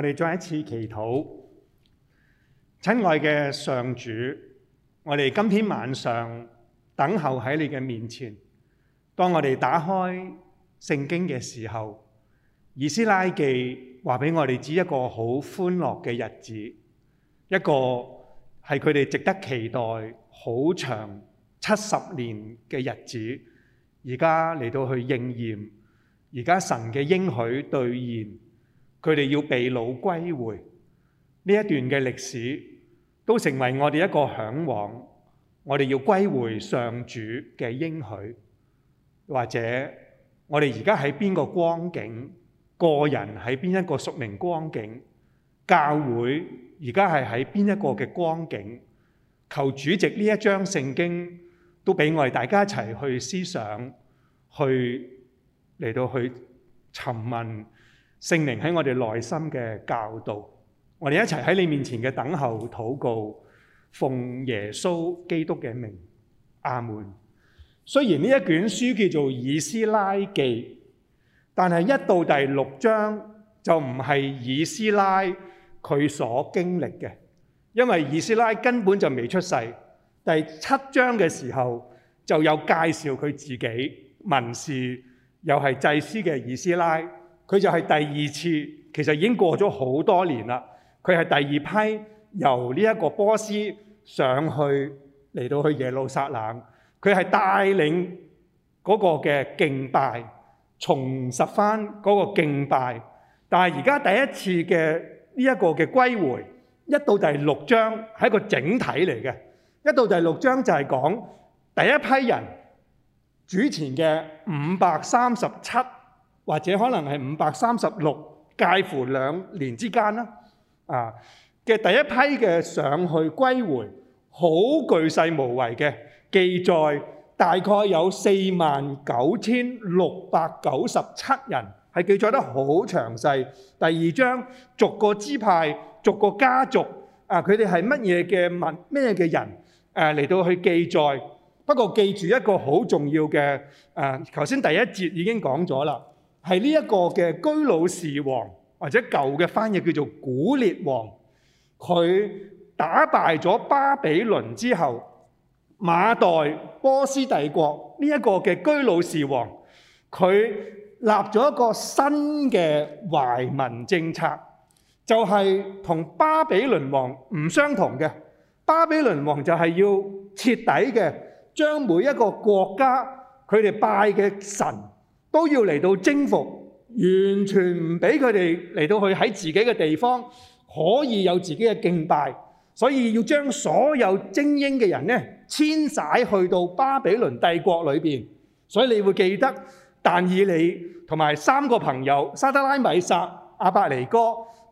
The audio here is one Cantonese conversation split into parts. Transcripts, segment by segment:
我哋再一次祈禱，親愛嘅上主，我哋今天晚上等候喺你嘅面前。當我哋打開聖經嘅時候，以斯拉記話俾我哋知一個好歡樂嘅日子，一個係佢哋值得期待好長七十年嘅日子。而家嚟到去應驗，而家神嘅應許兌現。佢哋要被擄歸回呢一段嘅歷史，都成為我哋一個嚮往。我哋要歸回上主嘅應許，或者我哋而家喺邊個光景，個人喺邊一個屬靈光景，教會而家係喺邊一個嘅光景，求主席呢一章聖經都俾我哋大家一齊去思想，去嚟到去尋問。聖靈喺我哋內心嘅教導，我哋一齊喺你面前嘅等候禱告，奉耶穌基督嘅名，阿門。雖然呢一卷書叫做《以斯拉記》，但係一到第六章就唔係以斯拉佢所經歷嘅，因為以斯拉根本就未出世。第七章嘅時候就有介紹佢自己，文士又係祭司嘅以斯拉佢就係第二次，其實已經過咗好多年啦。佢係第二批由呢一個波斯上去嚟到去耶路撒冷，佢係帶領嗰個嘅敬拜重拾返嗰個敬拜。但係而家第一次嘅呢一個嘅歸回，一到第六章係一個整體嚟嘅。一到第六章就係講第一批人主前嘅五百三十七。或者可能係五百三十六，介乎兩年之間啦，啊嘅第一批嘅上去歸回，好巨細無遺嘅記載，大概有四萬九千六百九十七人係記載得好詳細。第二章逐個支派、逐個家族啊，佢哋係乜嘢嘅物咩嘅人？誒嚟到去記載。不過記住一個好重要嘅誒，頭先第一節已經講咗啦。係呢一個嘅居魯士王，或者舊嘅翻譯叫做古列王，佢打敗咗巴比倫之後，馬代波斯帝國呢一個嘅居魯士王，佢立咗一個新嘅懷民政策，就係同巴比倫王唔相同嘅。巴比倫王就係要徹底嘅將每一個國家佢哋拜嘅神。都要嚟到征服，完全唔俾佢哋嚟到去喺自己嘅地方可以有自己嘅敬拜，所以要將所有精英嘅人呢遷徙去到巴比倫帝國裏面。所以你會記得但以理同埋三個朋友沙得拉、米沙、亞伯尼哥，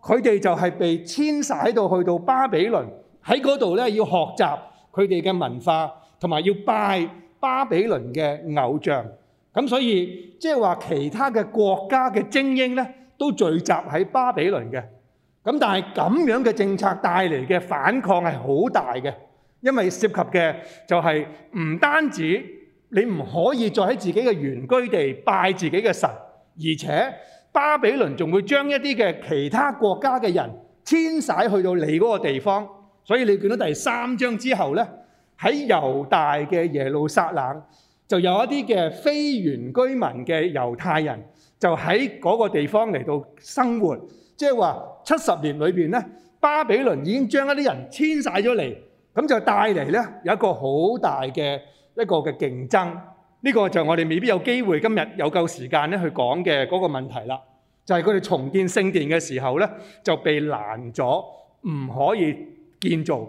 佢哋就係被遷徙到去到巴比倫，喺嗰度呢，要學習佢哋嘅文化，同埋要拜巴比倫嘅偶像。咁所以即係話，就是、其他嘅國家嘅精英呢，都聚集喺巴比倫嘅。咁但係咁樣嘅政策帶嚟嘅反抗係好大嘅，因為涉及嘅就係唔單止你唔可以再喺自己嘅原居地拜自己嘅神，而且巴比倫仲會將一啲嘅其他國家嘅人遷徙去到你嗰個地方。所以你見到第三章之後呢，喺猶大嘅耶路撒冷。就有一啲嘅非原居民嘅猶太人，就喺嗰個地方嚟到生活。即係話七十年裏邊咧，巴比倫已經將一啲人遷曬咗嚟，咁就帶嚟咧有一個好大嘅一個嘅競爭。呢個就我哋未必有機會今日有夠時間咧去講嘅嗰個問題啦。就係佢哋重建聖殿嘅時候咧，就被攔咗，唔可以建造，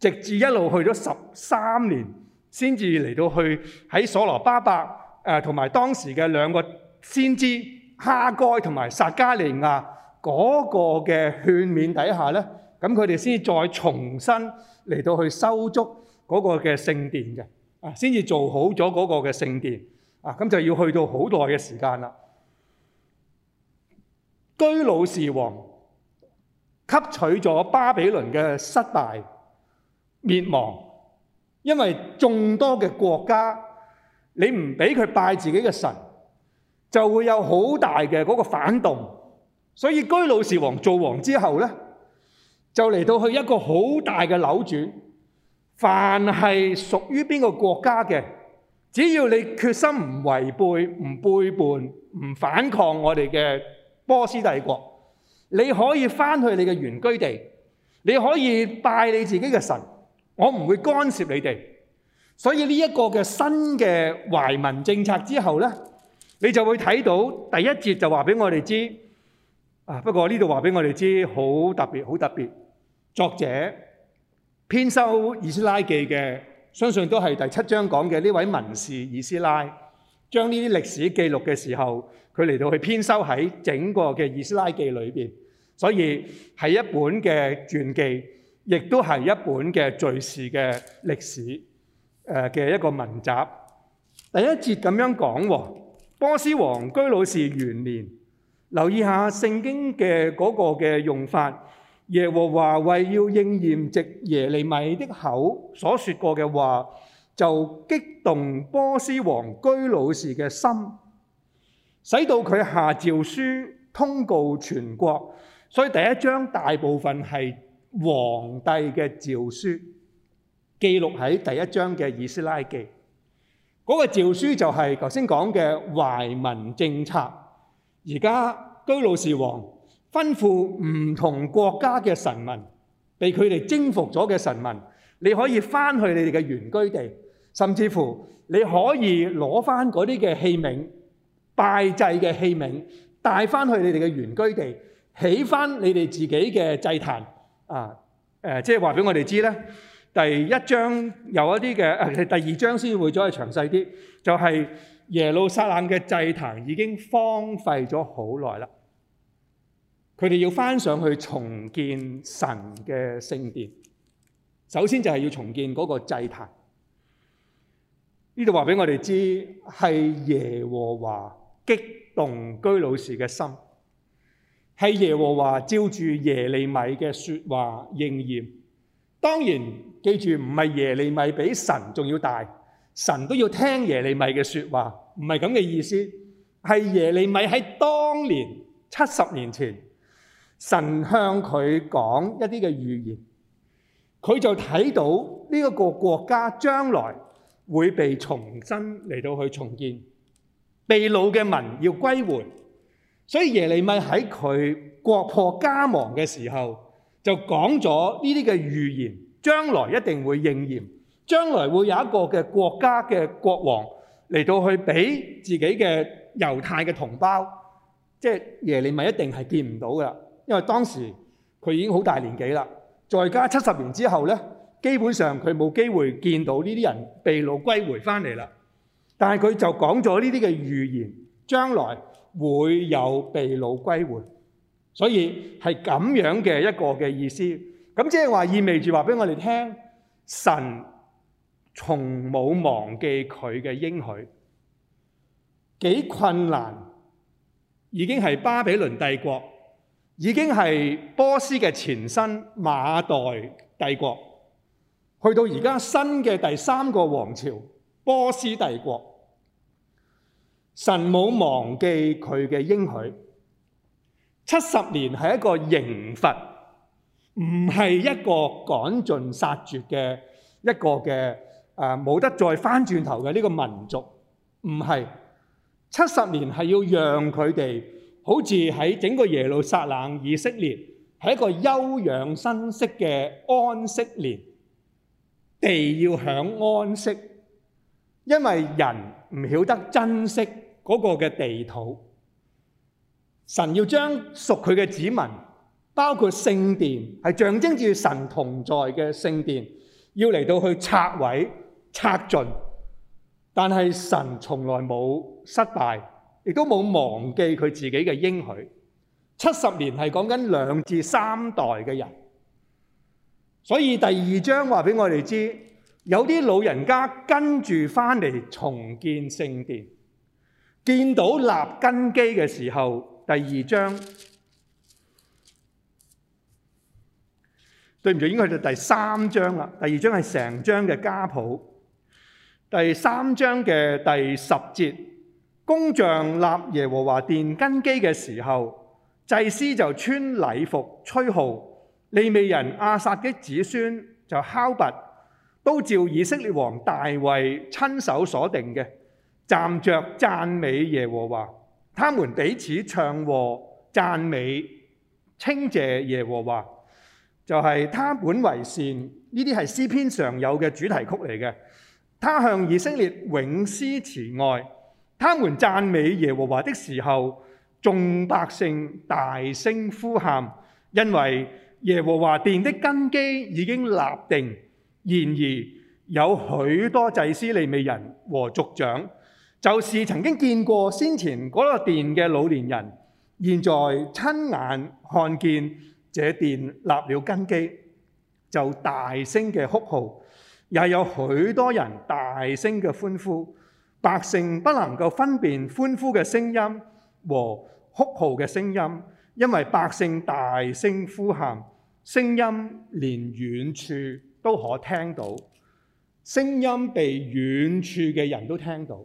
直至一路去咗十三年。先至嚟到去喺所羅巴伯誒同埋當時嘅兩個先知哈該同埋撒迦利亞嗰個嘅勸勉底下咧，咁佢哋先至再重新嚟到去修築嗰個嘅聖殿嘅，啊，先至做好咗嗰個嘅聖殿，啊，咁就要去到好耐嘅時間啦。居魯士王吸取咗巴比倫嘅失敗滅亡。因為眾多嘅國家，你唔俾佢拜自己嘅神，就會有好大嘅嗰個反動。所以居魯士王做王之後呢，就嚟到去一個好大嘅扭轉。凡係屬於邊個國家嘅，只要你決心唔違背、唔背叛、唔反抗我哋嘅波斯帝國，你可以返去你嘅原居地，你可以拜你自己嘅神。我唔會干涉你哋，所以呢一個嘅新嘅懷民政策之後呢，你就會睇到第一節就話俾我哋知。啊，不過呢度話俾我哋知好特別，好特別。作者編修《伊斯拉記》嘅，相信都係第七章講嘅呢位文士伊斯拉，將呢啲歷史記錄嘅時候，佢嚟到去編修喺整個嘅《伊斯拉記》裏面，所以係一本嘅傳記。亦都係一本嘅敍事嘅歷史，誒嘅一個文集。第一節咁樣講喎，波斯王居魯士元年。留意下聖經嘅嗰個嘅用法，耶和華為要應驗藉耶利米的口所說過嘅話，就激動波斯王居魯士嘅心，使到佢下詔書通告全國。所以第一章大部分係。皇帝嘅詔書記錄喺第一章嘅以斯拉記，嗰個詔書就係頭先講嘅懷民政策。而家居魯士王吩咐唔同國家嘅臣民，被佢哋征服咗嘅臣民，你可以翻去你哋嘅原居地，甚至乎你可以攞翻嗰啲嘅器皿、拜祭嘅器皿，帶翻去你哋嘅原居地，起翻你哋自己嘅祭壇。啊，誒、呃，即係話俾我哋知咧，第一章有一啲嘅，啊、第二章先會再詳細啲，就係、是、耶路撒冷嘅祭壇已經荒廢咗好耐啦。佢哋要返上去重建神嘅聖殿，首先就係要重建嗰個祭壇。呢度話俾我哋知，係耶和華激動居老士嘅心。係耶和華照住耶利米嘅說話應驗。當然記住唔係耶利米比神仲要大，神都要聽耶利米嘅說話，唔係咁嘅意思。係耶利米喺當年七十年前，神向佢講一啲嘅預言，佢就睇到呢個國家將來會被重新嚟到去重建，被擄嘅民要歸回。所以耶利米喺佢國破家亡嘅時候，就講咗呢啲嘅預言，將來一定會應驗。將來會有一個嘅國家嘅國王嚟到去俾自己嘅猶太嘅同胞，即係耶利米一定係見唔到噶啦，因為當時佢已經好大年紀啦。再加七十年之後呢，基本上佢冇機會見到呢啲人被擄歸回翻嚟啦。但係佢就講咗呢啲嘅預言，將來，會有被擄歸回，所以係咁樣嘅一個嘅意思。咁即係話意味住話俾我哋聽，神從冇忘記佢嘅應許。幾困難，已經係巴比倫帝國，已經係波斯嘅前身馬代帝國，去到而家新嘅第三個王朝波斯帝國。神冇忘記佢嘅應許，七十年係一個刑罰，唔係一個趕盡殺絕嘅一個嘅啊，冇得再翻轉頭嘅呢個民族，唔係七十年係要讓佢哋好似喺整個耶路撒冷以色列係一個休養生息嘅安息年，地要享安息，因為人唔曉得珍惜。嗰個嘅地土，神要將屬佢嘅子民，包括聖殿，係象徵住神同在嘅聖殿，要嚟到去拆毀、拆盡。但係神從來冇失敗，亦都冇忘記佢自己嘅應許。七十年係講緊兩至三代嘅人，所以第二章話俾我哋知，有啲老人家跟住翻嚟重建聖殿。見到立根基嘅時候，第二章對唔住，應該去到第三章啦。第二章係成章嘅家譜，第三章嘅第十節，工匠立耶和華殿根基嘅時候，祭司就穿禮服吹號，利美利未人阿薩嘅子孫就敲鈸，都照以色列王大衛親手所定嘅。站着讚美耶和華，他們彼此唱和讚美稱謝耶和華，就係、是、他本為善，呢啲係詩篇常有嘅主題曲嚟嘅。他向以色列永施慈愛，他們讚美耶和華的時候，眾百姓大聲呼喊，因為耶和華殿的根基已經立定。然而有許多祭司利未人和族長。就是曾經見過先前嗰個殿嘅老年人，現在親眼看見這殿立了根基，就大聲嘅哭號，也有許多人大聲嘅歡呼。百姓不能夠分辨歡呼嘅聲音和哭號嘅聲音，因為百姓大聲呼喊，聲音連遠處都可聽到，聲音被遠處嘅人都聽到。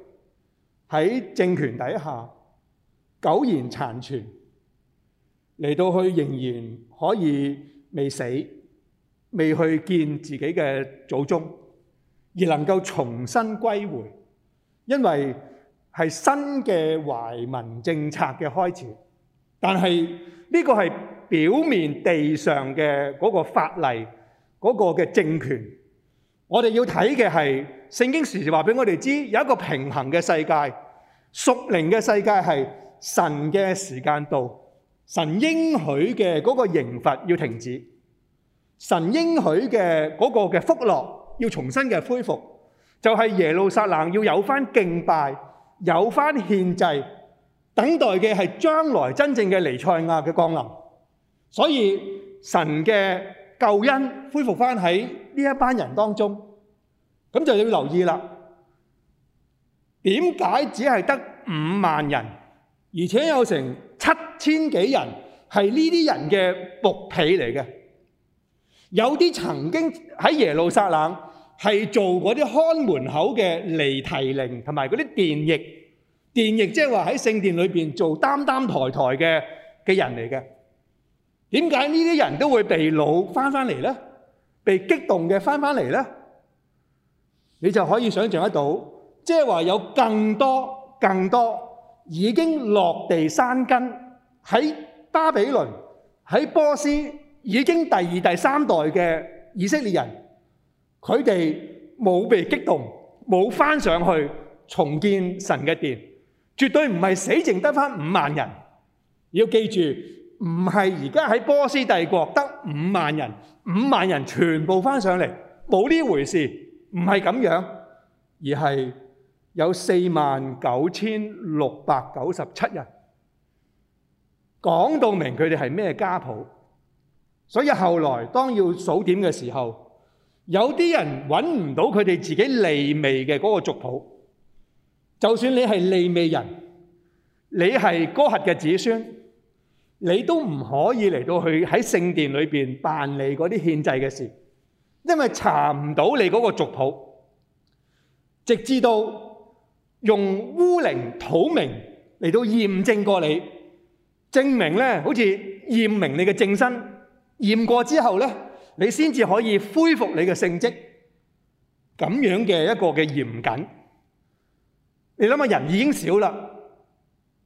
喺政權底下，苟延殘存，嚟到去仍然可以未死，未去見自己嘅祖宗，而能夠重新歸回，因為係新嘅懷民政策嘅開始。但係呢個係表面地上嘅嗰個法例，嗰、嗰個嘅政權，我哋要睇嘅係。聖經時時話俾我哋知，有一個平行嘅世界，屬靈嘅世界係神嘅時間度，神應許嘅嗰個刑罰要停止，神應許嘅嗰個嘅福樂要重新嘅恢復，就係耶路撒冷要有翻敬拜，有翻獻祭，等待嘅係將來真正嘅彌賽亞嘅降臨，所以神嘅救恩恢復翻喺呢一班人當中。咁就要留意啦。點解只係得五萬人，而且有成七千幾人係呢啲人嘅僕婢嚟嘅？有啲曾經喺耶路撒冷係做嗰啲看門口嘅尼提寧同埋嗰啲殿役，殿役即係話喺聖殿裏面做擔擔抬抬嘅嘅人嚟嘅。點解呢啲人都會被老翻翻嚟咧？被激動嘅翻翻嚟咧？你就可以想象得到，即係話有更多更多已經落地生根喺巴比倫、喺波斯已經第二第三代嘅以色列人，佢哋冇被激動，冇返上去重建神嘅殿，絕對唔係死剩得返五萬人。要記住，唔係而家喺波斯帝國得五萬人，五萬人全部返上嚟，冇呢回事。唔係咁樣，而係有四萬九千六百九十七人，講到明佢哋係咩家譜，所以後來當要數點嘅時候，有啲人揾唔到佢哋自己利未嘅嗰個族譜，就算你係利未人，你係哥哈嘅子孫，你都唔可以嚟到去喺聖殿裏邊辦理嗰啲獻祭嘅事。因為查唔到你嗰個族譜，直至到用烏陵土明嚟到驗證過你，證明呢好似驗明你嘅正身，驗過之後呢，你先至可以恢復你嘅聖職。咁樣嘅一個嘅嚴謹，你諗下人已經少啦，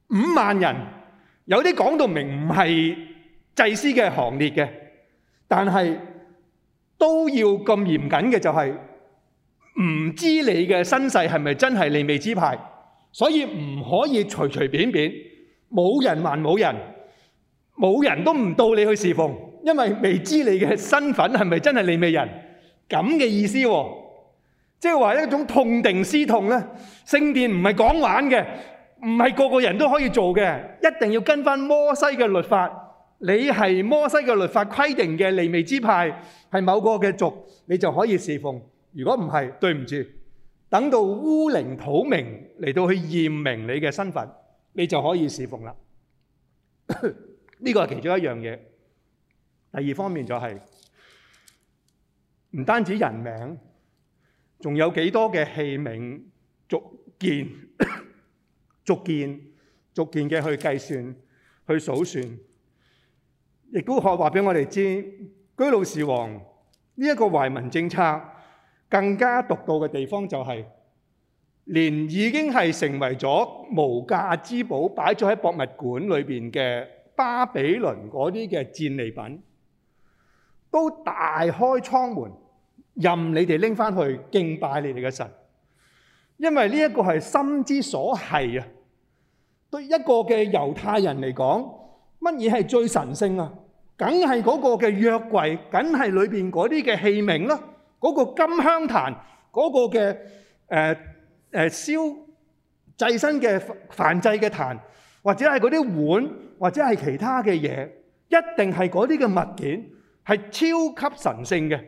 五萬人，有啲講到明唔係祭司嘅行列嘅，但係。都要咁嚴謹嘅就係唔知你嘅身世係咪真係利未支派，所以唔可以隨隨便便，冇人還冇人，冇人都唔到你去侍奉，因為未知你嘅身份係咪真係利未人，咁嘅意思喎，即係話一種痛定思痛咧，聖殿唔係講玩嘅，唔係個個人都可以做嘅，一定要跟翻摩西嘅律法。你係摩西嘅律法規定嘅利未支派，係某個嘅族，你就可以侍奉。如果唔係，對唔住。等到烏陵土明嚟到去驗明你嘅身份，你就可以侍奉啦。呢個係其中一樣嘢。第二方面就係唔單止人名，仲有幾多嘅器皿、逐件、逐件、逐件嘅去計算、去數算。亦都學話俾我哋知，居魯士王呢一、這個懷民政策更加獨到嘅地方就係、是，連已經係成為咗無價之寶擺咗喺博物館裏邊嘅巴比倫嗰啲嘅戰利品，都大開倉門，任你哋拎翻去敬拜你哋嘅神，因為呢一個係心之所係。啊！對一個嘅猶太人嚟講，乜嘢係最神聖啊？梗係嗰個嘅約櫃，梗係裏面嗰啲嘅器皿啦，嗰、那個金香壇，嗰、那個嘅誒誒燒祭牲嘅燔祭嘅壇，或者係嗰啲碗，或者係其他嘅嘢，一定係嗰啲嘅物件係超級神聖嘅。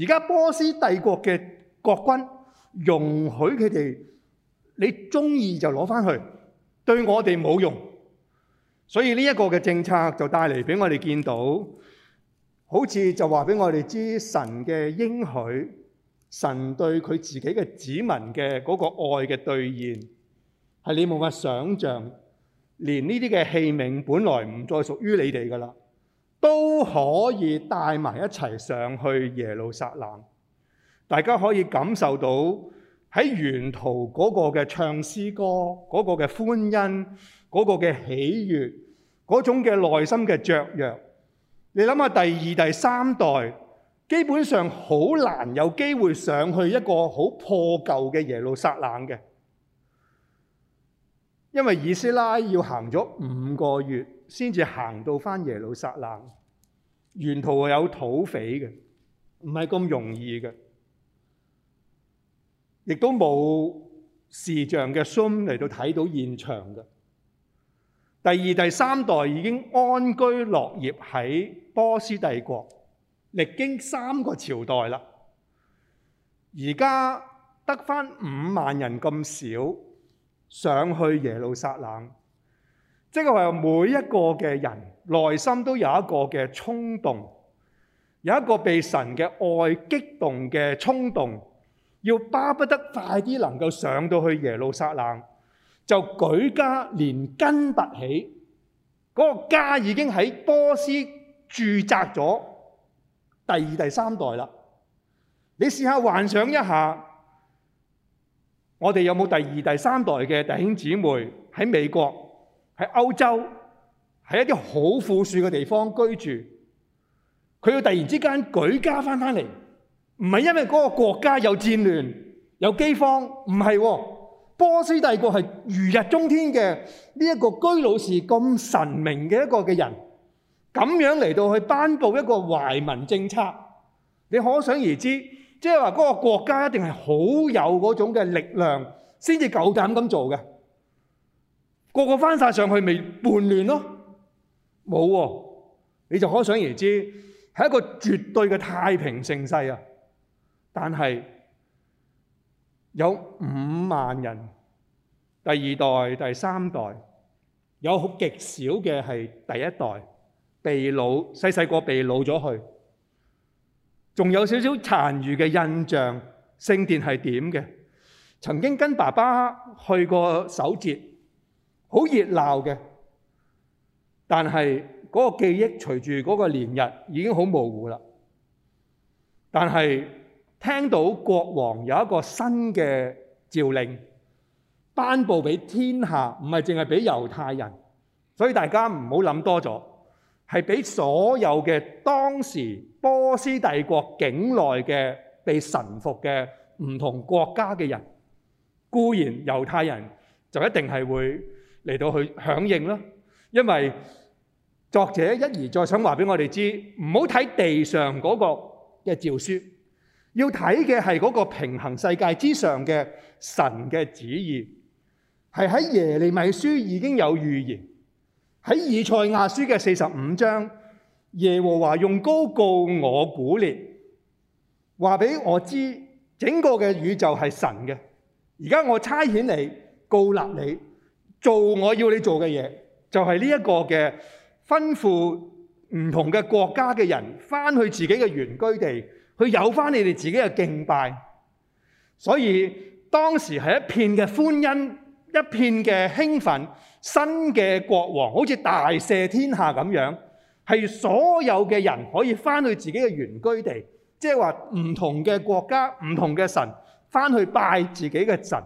而家波斯帝國嘅國君容許佢哋，你中意就攞翻去，對我哋冇用。所以呢一個嘅政策就帶嚟俾我哋見到，好似就話俾我哋知神嘅應許，神對佢自己嘅子民嘅嗰個愛嘅兌現，係你冇法想象。連呢啲嘅器皿本來唔再屬於你哋噶啦，都可以帶埋一齊上去耶路撒冷。大家可以感受到喺沿途嗰個嘅唱詩歌，嗰個嘅歡欣。嗰、個嘅喜悅，嗰種嘅內心嘅雀躍，你諗下第二第三代基本上好難有機會上去一個好破舊嘅耶路撒冷嘅，因為以斯拉要行咗五個月先至行到返耶路撒冷，沿途會有土匪嘅，唔係咁容易嘅，亦都冇視像嘅 Zoom 嚟到睇到現場嘅。第二第三代已經安居樂業喺波斯帝國，歷經三個朝代啦。而家得返五萬人咁少上去耶路撒冷，即係話每一個嘅人內心都有一個嘅衝動，有一個被神嘅愛激動嘅衝動，要巴不得快啲能夠上到去耶路撒冷。就舉家連根拔起，嗰個家已經喺波斯駐紮咗第二、第三代啦。你試下幻想一下，我哋有冇第二、第三代嘅弟兄姊妹喺美國、喺歐洲、喺一啲好富庶嘅地方居住？佢要突然之間舉家翻翻嚟，唔係因為嗰個國家有戰亂、有饑荒，唔係。波斯帝國係如日中天嘅呢、這個、一個居魯士咁神明嘅一個嘅人，咁樣嚟到去頒布一個懷民政策，你可想而知，即係話嗰個國家一定係好有嗰種嘅力量，先至夠膽咁做嘅。個個翻晒上去沒亂，咪叛亂咯，冇喎。你就可想而知，係一個絕對嘅太平盛世啊，但係。有五萬人，第二代、第三代，有極少嘅，係第一代，被擄，細細個被擄咗去，仲有少少殘餘嘅印象，聖殿係點嘅？曾經跟爸爸去過守節，好熱鬧嘅，但係嗰個記憶隨住嗰個年日已經好模糊啦，但係。聽到國王有一個新嘅詔令，頒布俾天下，唔係淨係俾猶太人，所以大家唔好諗多咗，係俾所有嘅當時波斯帝國境內嘅被臣服嘅唔同國家嘅人，固然猶太人就一定係會嚟到去響應啦，因為作者一而再想話俾我哋知，唔好睇地上嗰個嘅詔書。要睇嘅係嗰個平衡世界之上嘅神嘅旨意。係喺耶利米書已經有預言，喺以賽亞書嘅四十五章，耶和華用高告我古列話俾我知，整個嘅宇宙係神嘅，而家我差遣你告立你做我要你做嘅嘢，就係呢一個嘅吩咐，唔同嘅國家嘅人翻去自己嘅原居地。佢有翻你哋自己嘅敬拜，所以當時係一片嘅歡欣，一片嘅興奮，新嘅國王好似大赦天下咁樣，係所有嘅人可以翻去自己嘅原居地，即係話唔同嘅國家、唔同嘅神，翻去拜自己嘅神。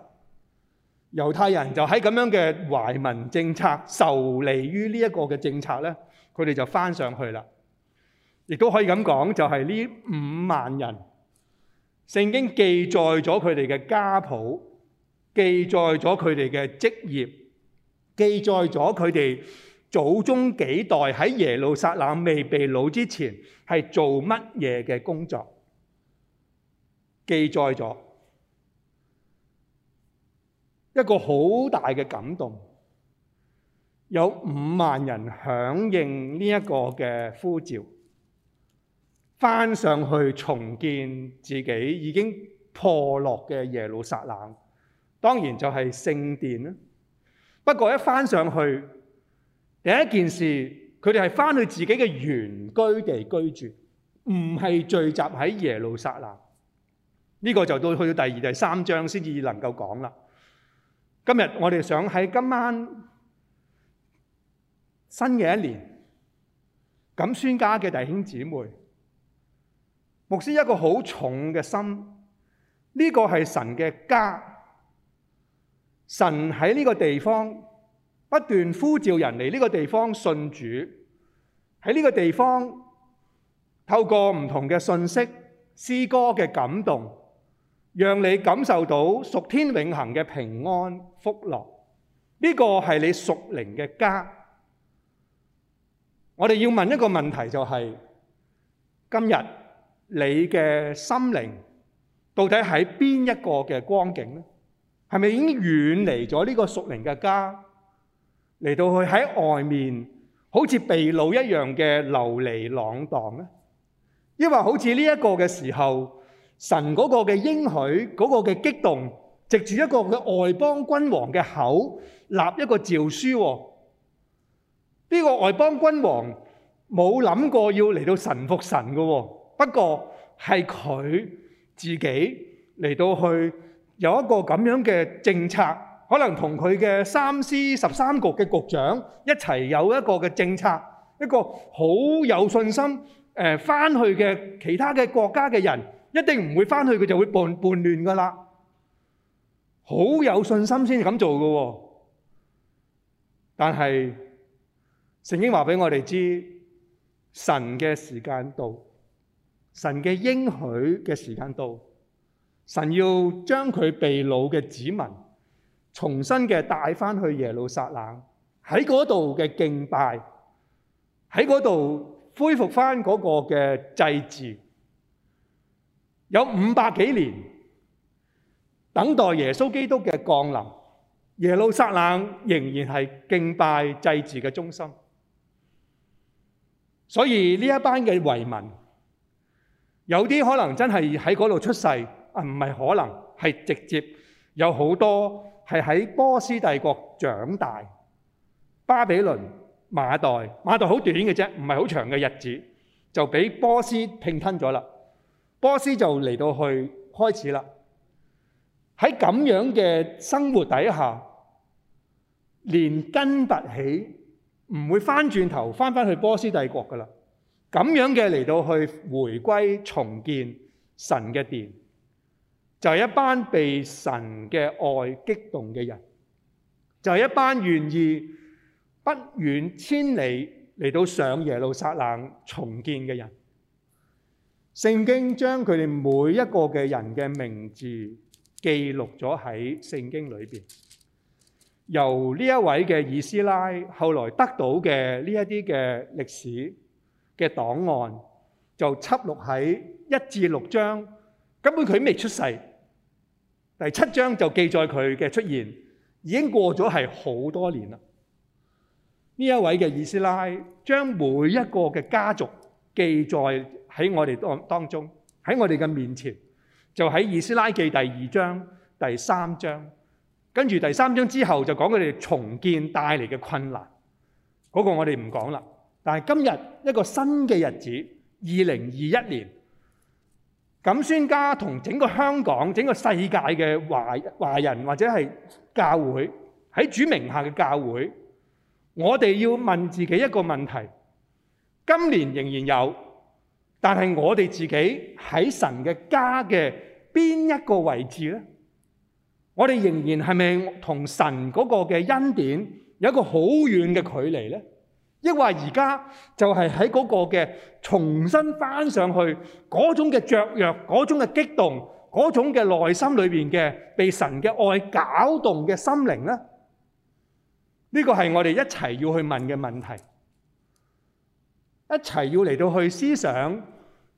猶太人就喺咁樣嘅懷民政策受利於呢一個嘅政策咧，佢哋就翻上去啦。亦都可以咁講，就係呢五萬人，聖經記載咗佢哋嘅家譜，記載咗佢哋嘅職業，記載咗佢哋祖宗幾代喺耶路撒冷未被擄之前係做乜嘢嘅工作，記載咗一個好大嘅感動，有五萬人響應呢一個嘅呼召。翻上去重建自己已經破落嘅耶路撒冷，當然就係聖殿啦。不過一翻上去，第一件事佢哋係翻去自己嘅原居地居住，唔係聚集喺耶路撒冷。呢個就到去到第二、第三章先至能夠講啦。今日我哋想喺今晚新嘅一年，咁孫家嘅弟兄姊妹。牧師一個好重嘅心，呢、這個係神嘅家，神喺呢個地方不斷呼召人嚟呢個地方信主，喺呢個地方透過唔同嘅信息、詩歌嘅感動，讓你感受到屬天永恆嘅平安福樂。呢、這個係你屬靈嘅家。我哋要問一個問題，就是，就係今日。你嘅心靈到底喺邊一個嘅光景咧？係咪已經遠離咗呢個屬靈嘅家，嚟到去喺外面好似被擄一樣嘅流離浪蕩咧？因為好似呢一個嘅時候，神嗰個嘅應許、嗰個嘅激動，藉住一個嘅外邦君王嘅口立一個詔書。呢個外邦君王冇諗過要嚟到臣服神嘅。不過係佢自己嚟到去有一個咁樣嘅政策，可能同佢嘅三司十三局嘅局長一齊有一個嘅政策，一個好有信心誒翻去嘅其他嘅國家嘅人一定唔會翻去，佢就會叛叛亂噶啦。好有信心先咁做噶喎。但係聖經話俾我哋知，神嘅時間到。神嘅應許嘅時間到，神要將佢被擄嘅子民重新嘅帶翻去耶路撒冷，喺嗰度嘅敬拜，喺嗰度恢復翻嗰個嘅祭祀，有五百幾年等待耶穌基督嘅降臨，耶路撒冷仍然係敬拜祭祀嘅中心，所以呢一班嘅遺民。有啲可能真係喺嗰度出世，啊唔係可能係直接有好多係喺波斯帝國長大，巴比倫、馬代，馬代好短嘅啫，唔係好長嘅日子，就俾波斯拼吞咗啦。波斯就嚟到去開始啦。喺咁樣嘅生活底下，連根拔起，唔會返轉頭返返去波斯帝國噶啦。咁樣嘅嚟到去回歸重建神嘅殿，就係一班被神嘅愛激動嘅人，就係一班願意不遠千里嚟到上耶路撒冷重建嘅人。聖經將佢哋每一個嘅人嘅名字記錄咗喺聖經裏邊。由呢一位嘅以斯拉後來得到嘅呢一啲嘅歷史嘅檔案就輯錄喺一至六章，根本佢未出世。第七章就記載佢嘅出現，已經過咗係好多年啦。呢一位嘅以斯拉將每一個嘅家族記載在喺我哋當中，喺我哋嘅面前，就喺以斯拉記第二章、第三章，跟住第三章之後就講佢哋重建帶嚟嘅困難，嗰個我哋唔講啦。但係今日一個新嘅日子，二零二一年，咁孫家同整個香港、整個世界嘅華人或者係教會喺主名下嘅教會，我哋要問自己一個問題：今年仍然有，但係我哋自己喺神嘅家嘅邊一個位置呢？我哋仍然係咪同神嗰個嘅恩典有一個好遠嘅距離呢？抑或而家就係喺嗰個嘅重新翻上去嗰種嘅雀躍，嗰種嘅激動，嗰種嘅內心裏邊嘅被神嘅愛攪動嘅心靈咧，呢、呢個係我哋一齊要去問嘅問題，一齊要嚟到去思想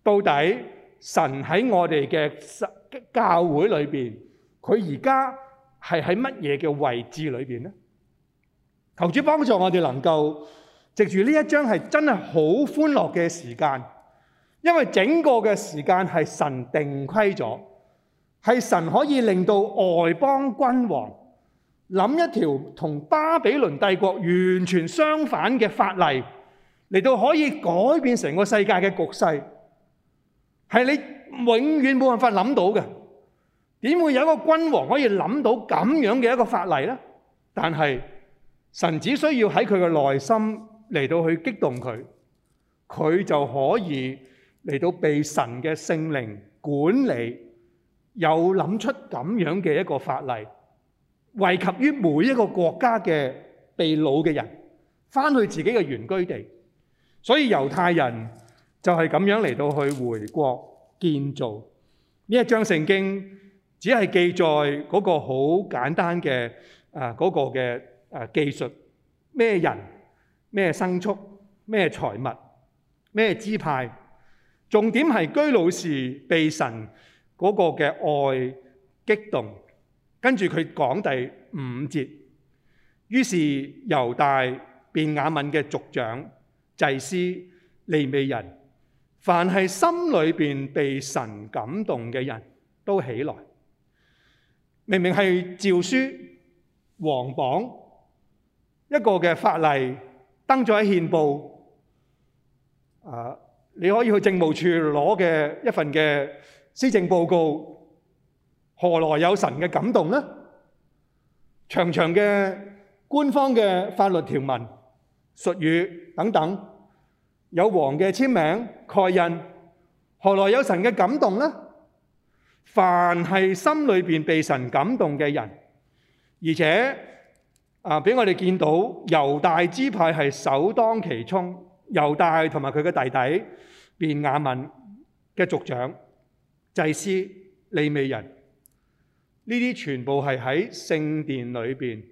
到底神喺我哋嘅教會裏邊，佢而家係喺乜嘢嘅位置裏邊咧？求主幫助我哋能夠。藉住呢一章係真係好歡樂嘅時間，因為整個嘅時間係神定規咗，係神可以令到外邦君王諗一條同巴比倫帝國完全相反嘅法例嚟到可以改變成個世界嘅局勢，係你永遠冇辦法諗到嘅。點會有一個君王可以諗到咁樣嘅一個法例呢？但係神只需要喺佢嘅內心。嚟到去激動佢，佢就可以嚟到被神嘅聖靈管理，又諗出咁樣嘅一個法例，惠及於每一個國家嘅被擄嘅人，返去自己嘅原居地。所以猶太人就係咁樣嚟到去回國建造呢一章聖經，只係記載嗰個好簡單嘅啊嗰個嘅啊技術咩人。咩牲畜、咩財物、咩支派，重點係居魯士被神嗰個嘅愛激動，跟住佢講第五節。於是猶大便雅憫嘅族長、祭司、利未人，凡係心裏面被神感動嘅人都起來。明明係詔書、王榜一個嘅法例。登咗喺憲報，啊，你可以去政務處攞嘅一份嘅施政報告，何來有神嘅感動呢？長長嘅官方嘅法律條文、術語等等，有王嘅簽名蓋印，何來有神嘅感動呢？凡係心裏邊被神感動嘅人，而且，啊！俾我哋見到猶大支派係首當其衝，猶大同埋佢嘅弟弟便雅明嘅族長、祭司利未人，呢啲全部係喺聖殿裏面。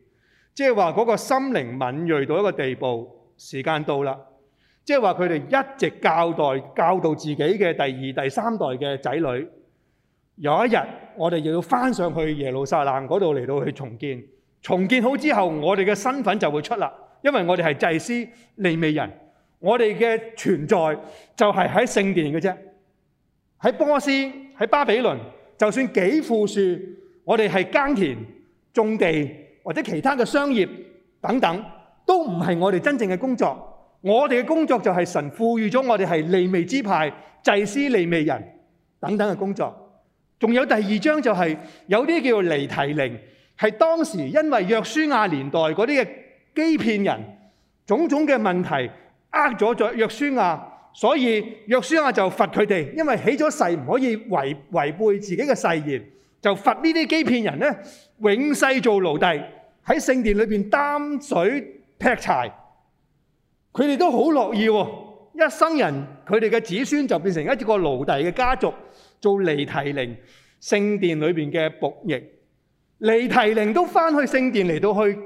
即係話嗰個心靈敏銳到一個地步。時間到啦，即係話佢哋一直教代教導自己嘅第二、第三代嘅仔女，有一日我哋要翻上去耶路撒冷嗰度嚟到去重建。重建好之後，我哋嘅身份就會出嘞。因為我哋係祭司利未人，我哋嘅存在就係喺聖殿嘅啫。喺波斯、喺巴比倫，就算幾富庶，我哋係耕田、種地或者其他嘅商業等等，都唔係我哋真正嘅工作。我哋嘅工作就係神賦予咗我哋係利未支派、祭司利未人等等嘅工作。仲有第二章就係、是、有啲叫尼提寧。係當時因為約書亞年代嗰啲嘅欺騙人，種種嘅問題呃咗咗約書亞，所以約書亞就罰佢哋，因為起咗誓唔可以違違背自己嘅誓言，就罰呢啲欺騙人咧，永世做奴隸，喺聖殿裏邊擔水劈柴，佢哋都好樂意喎，一生人佢哋嘅子孫就變成一個奴隸嘅家族，做尼提寧，聖殿裏邊嘅僕役。尼提寧都翻去聖殿嚟到去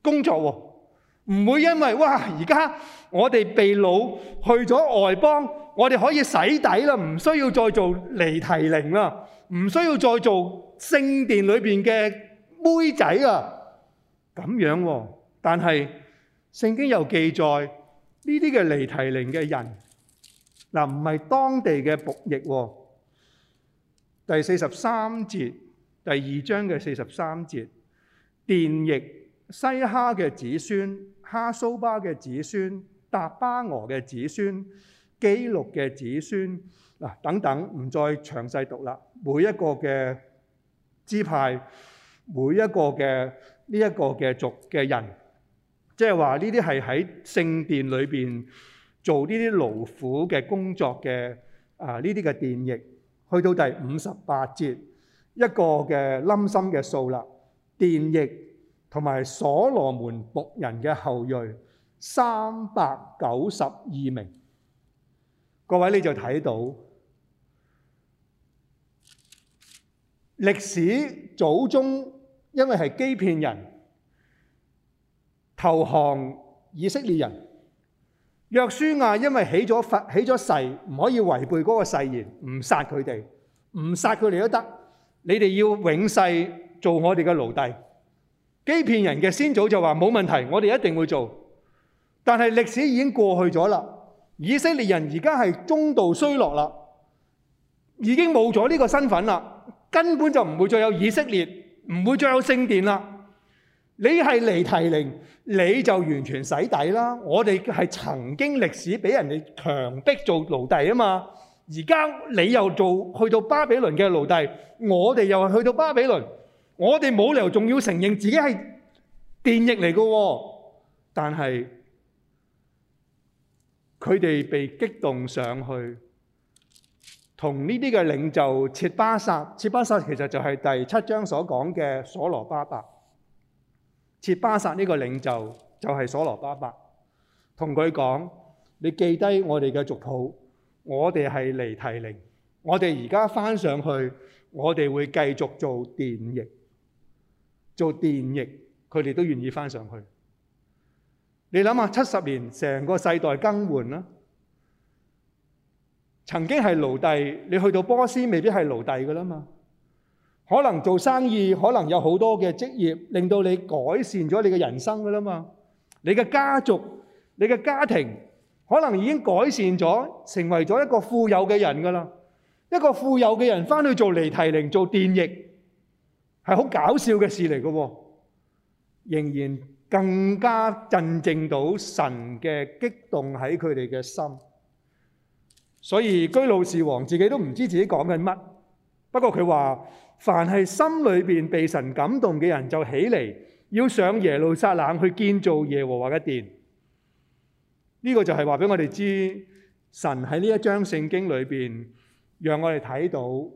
工作喎，唔會因為哇而家我哋被擄去咗外邦，我哋可以洗底啦，唔需要再做尼提寧啦，唔需要再做聖殿裏邊嘅妹仔啊，咁樣喎。但係聖經又記載呢啲嘅尼提寧嘅人，嗱唔係當地嘅僕役喎，第四十三節。第二章嘅四十三節，殿役西哈嘅子孫、哈蘇巴嘅子孫、達巴俄嘅子孫、基錄嘅子孫啊等等，唔再詳細讀啦。每一個嘅支派，每一個嘅呢一個嘅族嘅人，即係話呢啲係喺聖殿裏邊做呢啲勞苦嘅工作嘅啊，呢啲嘅殿役，去到第五十八節。一個嘅冧心嘅數啦，殿役同埋所羅門僕人嘅後裔三百九十二名，各位你就睇到歷史祖宗，因為係欺騙人，投降以色列人。約書亞因為起咗發起咗誓，唔可以違背嗰個誓言，唔殺佢哋，唔殺佢哋都得。你哋要永世做我哋嘅奴隸，欺騙人嘅先祖就話冇問題，我哋一定會做。但係歷史已經過去咗啦，以色列人而家係中道衰落啦，已經冇咗呢個身份啦，根本就唔會再有以色列，唔會再有聖殿啦。你係尼提寧，你就完全洗底啦。我哋係曾經歷史俾人哋強迫做奴隸啊嘛。而家你又做去到巴比倫嘅奴隸，我哋又去到巴比倫，我哋冇理由仲要承認自己係殿役嚟㗎。但係佢哋被激動上去，同呢啲嘅領袖切巴薩，切巴薩其實就係第七章所講嘅所羅巴伯。切巴薩呢個領袖就係所羅巴伯，同佢講：你記低我哋嘅族譜。我哋係離題靈，我哋而家翻上去，我哋會繼續做電營，做電營，佢哋都願意翻上去。你諗下，七十年成個世代更換啦，曾經係奴隸，你去到波斯未必係奴隸噶啦嘛，可能做生意，可能有好多嘅職業，令到你改善咗你嘅人生噶啦嘛，你嘅家族，你嘅家庭。可能已經改善咗，成為咗一個富有嘅人噶啦。一個富有嘅人返去做尼提寧做殿役，係好搞笑嘅事嚟嘅喎。仍然更加震靜到神嘅激動喺佢哋嘅心。所以居魯士王自己都唔知自己講緊乜。不過佢話：凡係心裏面被神感動嘅人，就起嚟要上耶路撒冷去建造耶和華嘅殿。呢個就係話俾我哋知，神喺呢一章聖經裏邊，讓我哋睇到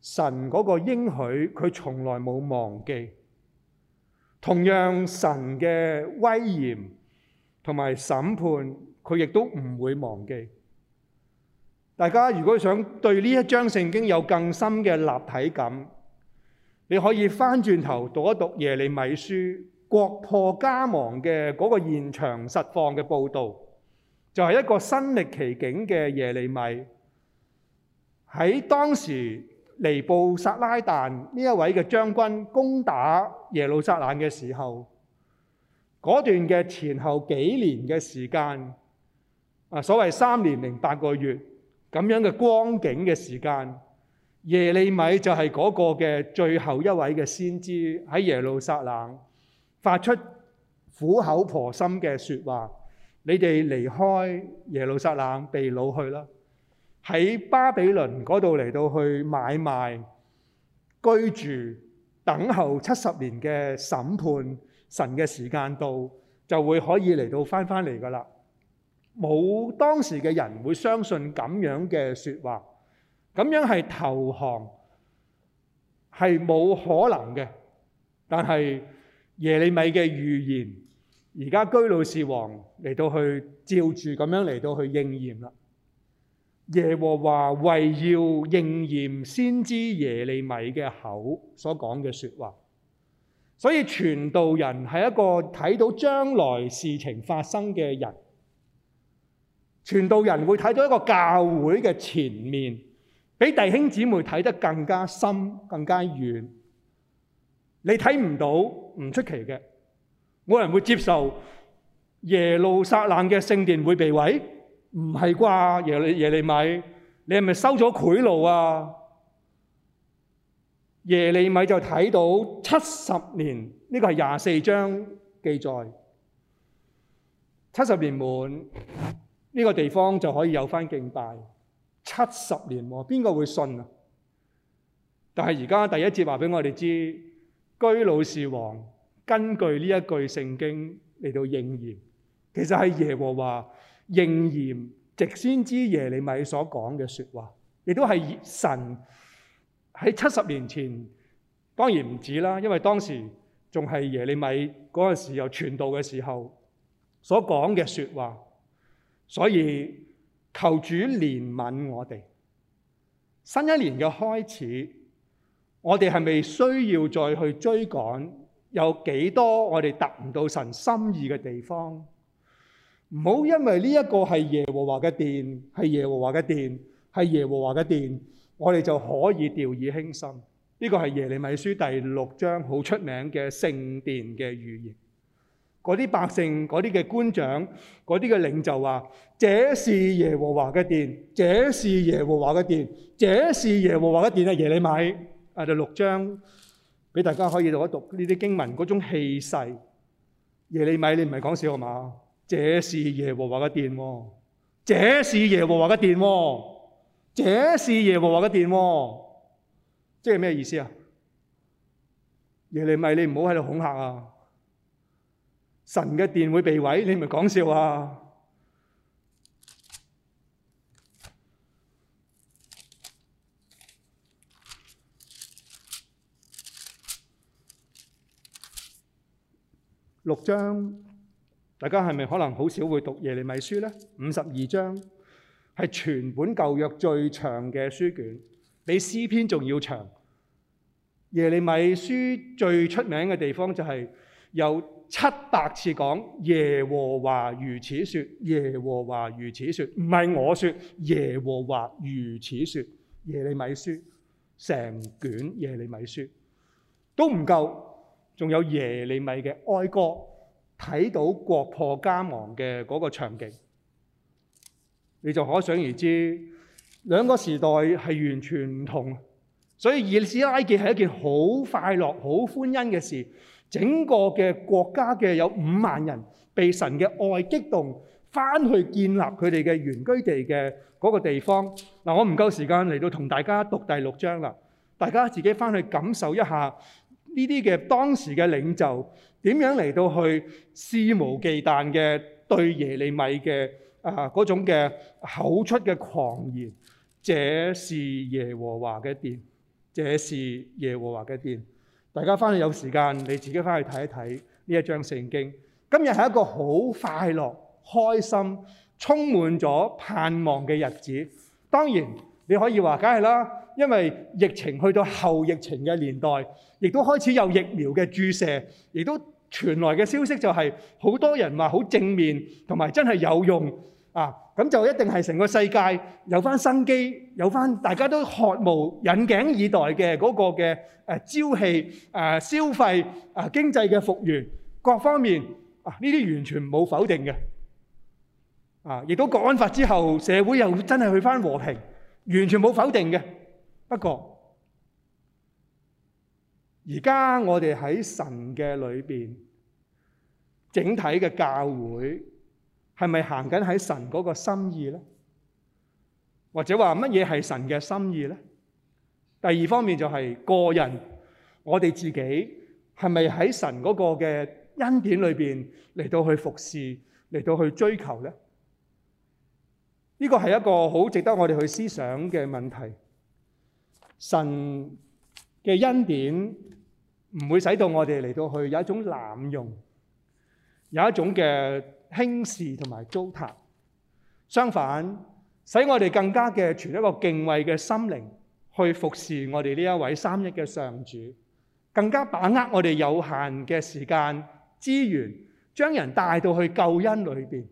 神嗰個應許，佢從來冇忘記。同樣，神嘅威嚴同埋審判，佢亦都唔會忘記。大家如果想對呢一章聖經有更深嘅立體感，你可以翻轉頭讀一讀耶利米書國破家亡嘅嗰個現場實況嘅報道。就係、是、一個身歷其境嘅耶利米，喺當時尼布撒拉旦呢一位嘅將軍攻打耶路撒冷嘅時候，嗰段嘅前後幾年嘅時間，啊所謂三年零八個月咁樣嘅光景嘅時間，耶利米就係嗰個嘅最後一位嘅先知喺耶路撒冷發出苦口婆心嘅說話。你哋離開耶路撒冷被擄去啦，喺巴比倫嗰度嚟到去買賣居住，等候七十年嘅審判，神嘅時間到就會可以嚟到返返嚟㗎喇。冇當時嘅人會相信咁樣嘅説話，咁樣係投降係冇可能嘅。但係耶利米嘅預言。而家居魯士王嚟到去照住咁樣嚟到去應驗啦。耶和華為要應驗先知耶利米嘅口所講嘅說話，所以傳道人係一個睇到將來事情發生嘅人。傳道人會睇到一個教會嘅前面，俾弟兄姊妹睇得更加深、更加遠，你睇唔到，唔出奇嘅。冇人會接受耶路撒冷嘅聖殿會被毀，唔係啩？耶利耶利米，你係咪收咗賄賂啊？耶利米就睇到七十年，呢個係廿四章記載。七十年滿，呢個地方就可以有返敬拜。七十年喎，邊個會信啊？但係而家第一節話俾我哋知，居魯士王。根據呢一句聖經嚟到應驗，其實係耶和華應驗直先知耶利米所講嘅說話，亦都係神喺七十年前，當然唔止啦，因為當時仲係耶利米嗰個時候傳道嘅時候所講嘅說話。所以求主憐憫我哋，新一年嘅開始，我哋係咪需要再去追趕？有幾多我哋達唔到神心意嘅地方？唔好因為呢一個係耶和華嘅殿，係耶和華嘅殿，係耶和華嘅殿，我哋就可以掉以輕心。呢個係耶利米書第六章好出名嘅聖殿嘅語言。嗰啲百姓、嗰啲嘅官長、嗰啲嘅領袖話：這是耶和華嘅殿，這是耶和華嘅殿，這是耶和華嘅殿啊！係耶利米啊，第六章。畀大家可以讀一讀呢啲經文，嗰種氣勢，耶利米，你唔係講笑嘛？這是耶和華嘅殿喎，這是耶和華嘅殿喎，這是耶和華嘅殿喎，即係咩意思呀？耶利米，你唔好喺度恐嚇呀、啊！神嘅殿會被毀，你唔係講笑呀、啊！六章，大家係咪可能好少會讀耶利米書呢？五十二章係全本舊約最長嘅書卷，比詩篇仲要長。耶利米書最出名嘅地方就係有七百次講耶和華如此説，耶和華如此説，唔係我説，耶和華如此説。耶利米書，成卷耶利米書，都唔夠。仲有耶利米嘅哀歌，睇到國破家亡嘅嗰個場景，你就可想而知，兩個時代係完全唔同。所以以斯拉記係一件好快樂、好歡欣嘅事。整個嘅國家嘅有五萬人被神嘅愛激動，翻去建立佢哋嘅原居地嘅嗰個地方。嗱，我唔夠時間嚟到同大家讀第六章啦，大家自己翻去感受一下。呢啲嘅當時嘅領袖點樣嚟到去肆無忌憚嘅對耶利米嘅啊嗰種嘅口出嘅狂言？這是耶和華嘅殿，這是耶和華嘅殿。大家翻去有時間，你自己翻去睇一睇呢一章聖經。今日係一個好快樂、開心、充滿咗盼望嘅日子。當然你可以話，梗係啦。因為疫情去到後疫情嘅年代，亦都開始有疫苗嘅注射，亦都傳來嘅消息就係好多人話好正面，同埋真係有用啊！咁就一定係成個世界有翻生機，有翻大家都渴慕引頸以待嘅嗰個嘅誒，朝氣，誒，消費啊，經濟嘅復原各方面啊，呢啲完全冇否定嘅啊！亦都國安法之後，社會又真係去翻和平，完全冇否定嘅。不過而家我哋喺神嘅裏邊，整體嘅教會係咪行緊喺神嗰個心意咧？或者話乜嘢係神嘅心意咧？第二方面就係個人，我哋自己係咪喺神嗰個嘅恩典裏邊嚟到去服侍，嚟到去追求咧？呢個係一個好值得我哋去思想嘅問題。神嘅恩典唔會使到我哋嚟到去有一種濫用，有一種嘅輕視同埋糟蹋。相反，使我哋更加嘅存一個敬畏嘅心靈去服侍我哋呢一位三一嘅上主，更加把握我哋有限嘅時間資源，將人帶到去救恩裏邊。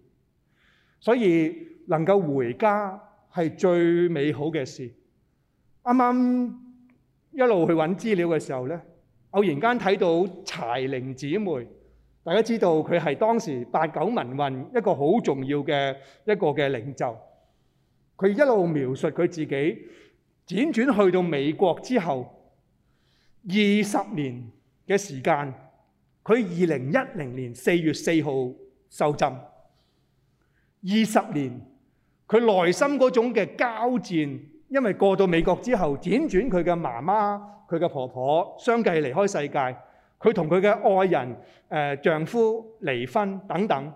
所以能夠回家係最美好嘅事。啱啱一路去揾資料嘅時候咧，偶然間睇到柴玲姊妹，大家知道佢係當時八九民運一個好重要嘅一個嘅領袖。佢一路描述佢自己輾轉去到美國之後二十年嘅時間，佢二零一零年四月四號受浸，二十年佢內心嗰種嘅交戰。因為過到美國之後，輾轉佢嘅媽媽、佢嘅婆婆相繼離開世界，佢同佢嘅愛人、呃、丈夫離婚等等，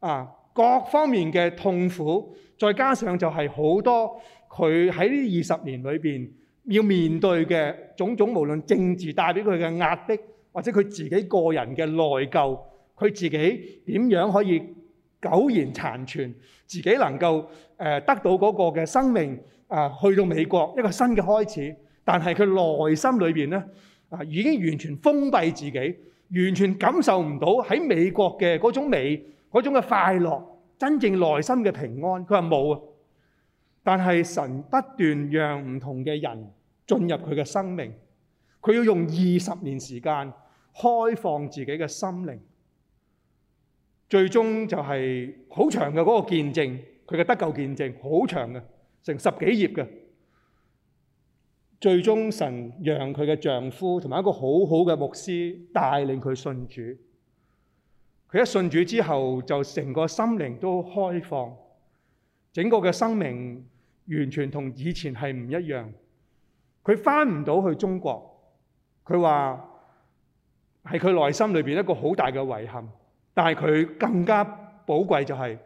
啊，各方面嘅痛苦，再加上就係好多佢喺呢二十年裏面要面對嘅種種，無論政治帶俾佢嘅壓迫，或者佢自己個人嘅內疚，佢自己點樣可以苟延殘存，自己能夠、呃、得到嗰個嘅生命。啊，去到美國一個新嘅開始，但係佢內心裏面咧啊，已經完全封閉自己，完全感受唔到喺美國嘅嗰種美、嗰種嘅快樂、真正內心嘅平安。佢話冇啊，但係神不斷讓唔同嘅人進入佢嘅生命，佢要用二十年時間開放自己嘅心靈，最終就係好長嘅嗰個見證，佢嘅得救見證好長嘅。成十幾頁嘅，最終神讓佢嘅丈夫同埋一個好好嘅牧師帶領佢信主。佢一信主之後，就成個心靈都開放，整個嘅生命完全同以前係唔一樣。佢翻唔到去中國，佢話係佢內心裏邊一個好大嘅遺憾。但係佢更加寶貴就係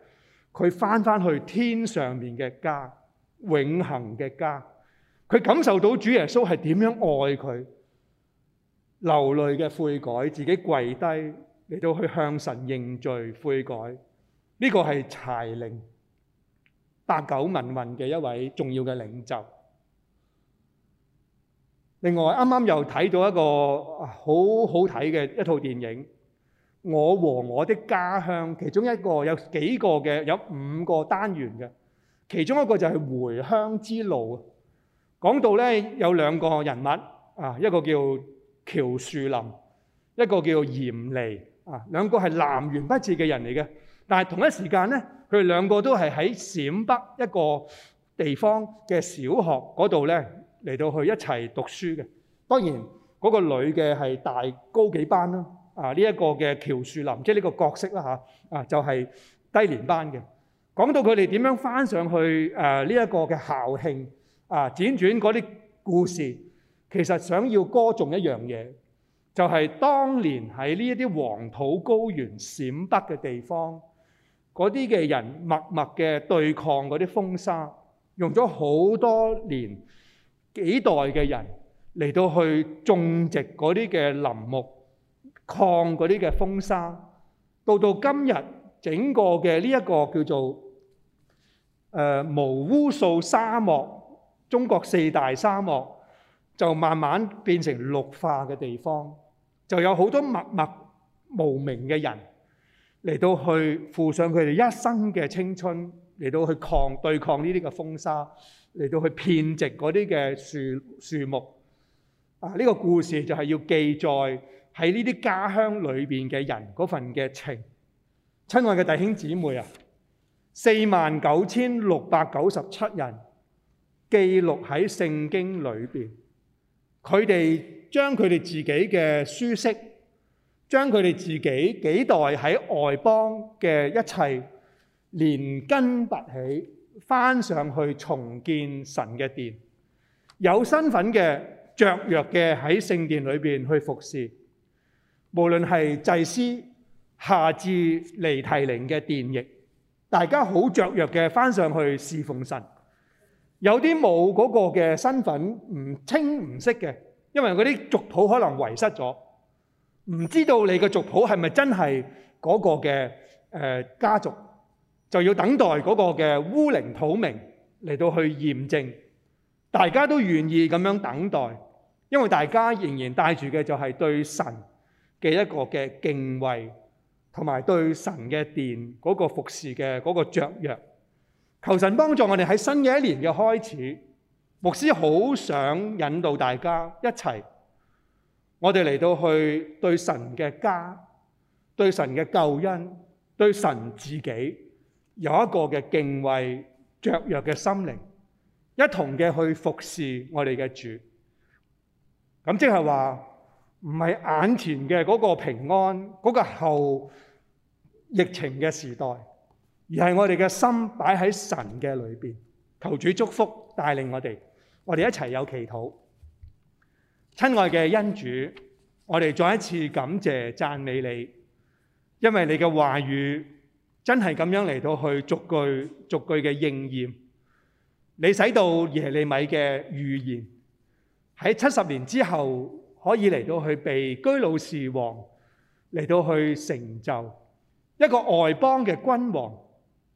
佢翻翻去天上面嘅家。永恆嘅家，佢感受到主耶穌係點樣愛佢，流淚嘅悔改，自己跪低嚟到去向神認罪悔改。呢個係柴玲八九民運嘅一位重要嘅領袖。另外啱啱又睇到一個好好睇嘅一套電影《我和我的家鄉》，其中一個有幾個嘅有五個單元嘅。其中一個就係回鄉之路，講到咧有兩個人物啊，一個叫喬樹林，一個叫閆妮啊，兩個係南轅北轍嘅人嚟嘅，但係同一時間咧，佢哋兩個都係喺陝北一個地方嘅小學嗰度咧嚟到去一齊讀書嘅。當然嗰、那個女嘅係大高幾班啦，啊呢一個嘅喬樹林即係呢個角色啦嚇，啊就係、是、低年班嘅。講到佢哋點樣翻上去誒呢一個嘅校慶啊，輾轉嗰啲故事，其實想要歌頌一樣嘢，就係當年喺呢一啲黃土高原陝北嘅地方，嗰啲嘅人默默嘅對抗嗰啲風沙，用咗好多年幾代嘅人嚟到去種植嗰啲嘅林木，抗嗰啲嘅風沙，到到今日整個嘅呢一個叫做。誒、呃、毛烏素沙漠，中國四大沙漠，就慢慢變成綠化嘅地方，就有好多默默無名嘅人嚟到去附上佢哋一生嘅青春，嚟到去抗對抗呢啲嘅風沙，嚟到去遍植嗰啲嘅樹樹木。啊，呢、這個故事就係要記載喺呢啲家鄉裏邊嘅人嗰份嘅情。親愛嘅弟兄姊妹啊！四萬九千六百九十七人記錄喺聖經裏邊，佢哋將佢哋自己嘅舒適，將佢哋自己幾代喺外邦嘅一切連根拔起，翻上去重建神嘅殿，有身份嘅、着弱嘅喺聖殿裏邊去服侍，無論係祭司，下至尼提寧嘅殿役。大家好雀躍嘅返上去侍奉神，有啲冇嗰個嘅身份唔清唔識嘅，因為嗰啲族譜可能遺失咗，唔知道你嘅族譜係咪真係嗰個嘅誒家族，就要等待嗰個嘅烏陵土明嚟到去驗證。大家都願意咁樣等待，因為大家仍然帶住嘅就係對神嘅一個嘅敬畏。同埋對神嘅殿嗰個服侍嘅嗰個着弱，求神幫助我哋喺新嘅一年嘅開始，牧師好想引導大家一齊，我哋嚟到去對神嘅家，對神嘅救恩，對神自己有一個嘅敬畏着弱嘅心靈，一同嘅去服侍我哋嘅主。咁即係話唔係眼前嘅嗰個平安，嗰個後疫情嘅時代，而係我哋嘅心擺喺神嘅裏邊，求主祝福帶領我哋，我哋一齊有祈禱。親愛嘅恩主，我哋再一次感謝讚美你，因為你嘅話語真係咁樣嚟到去逐句逐句嘅應驗，你使到耶利米嘅預言喺七十年之後可以嚟到去被居魯士王嚟到去成就。一個外邦嘅君王，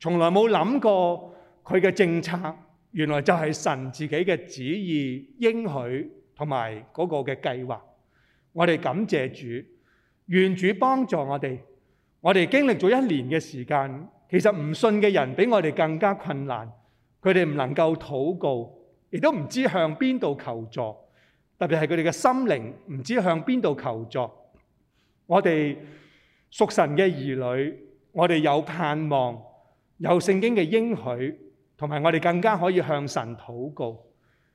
從來冇諗過佢嘅政策，原來就係神自己嘅旨意、應許同埋嗰個嘅計劃。我哋感謝主，願主幫助我哋。我哋經歷咗一年嘅時間，其實唔信嘅人比我哋更加困難。佢哋唔能夠禱告，亦都唔知向邊度求助，特別係佢哋嘅心靈唔知向邊度求助。我哋，屬神嘅兒女，我哋有盼望，有聖經嘅應許，同埋我哋更加可以向神禱告，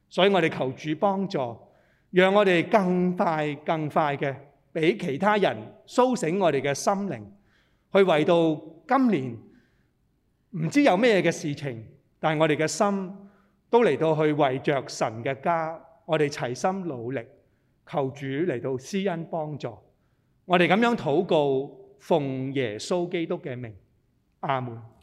所以我哋求主幫助，讓我哋更快更快嘅俾其他人蘇醒我哋嘅心靈，去為到今年唔知有咩嘅事情，但係我哋嘅心都嚟到去為着神嘅家，我哋齊心努力，求主嚟到施恩幫助，我哋咁樣禱告。奉耶穌基督嘅名，阿門。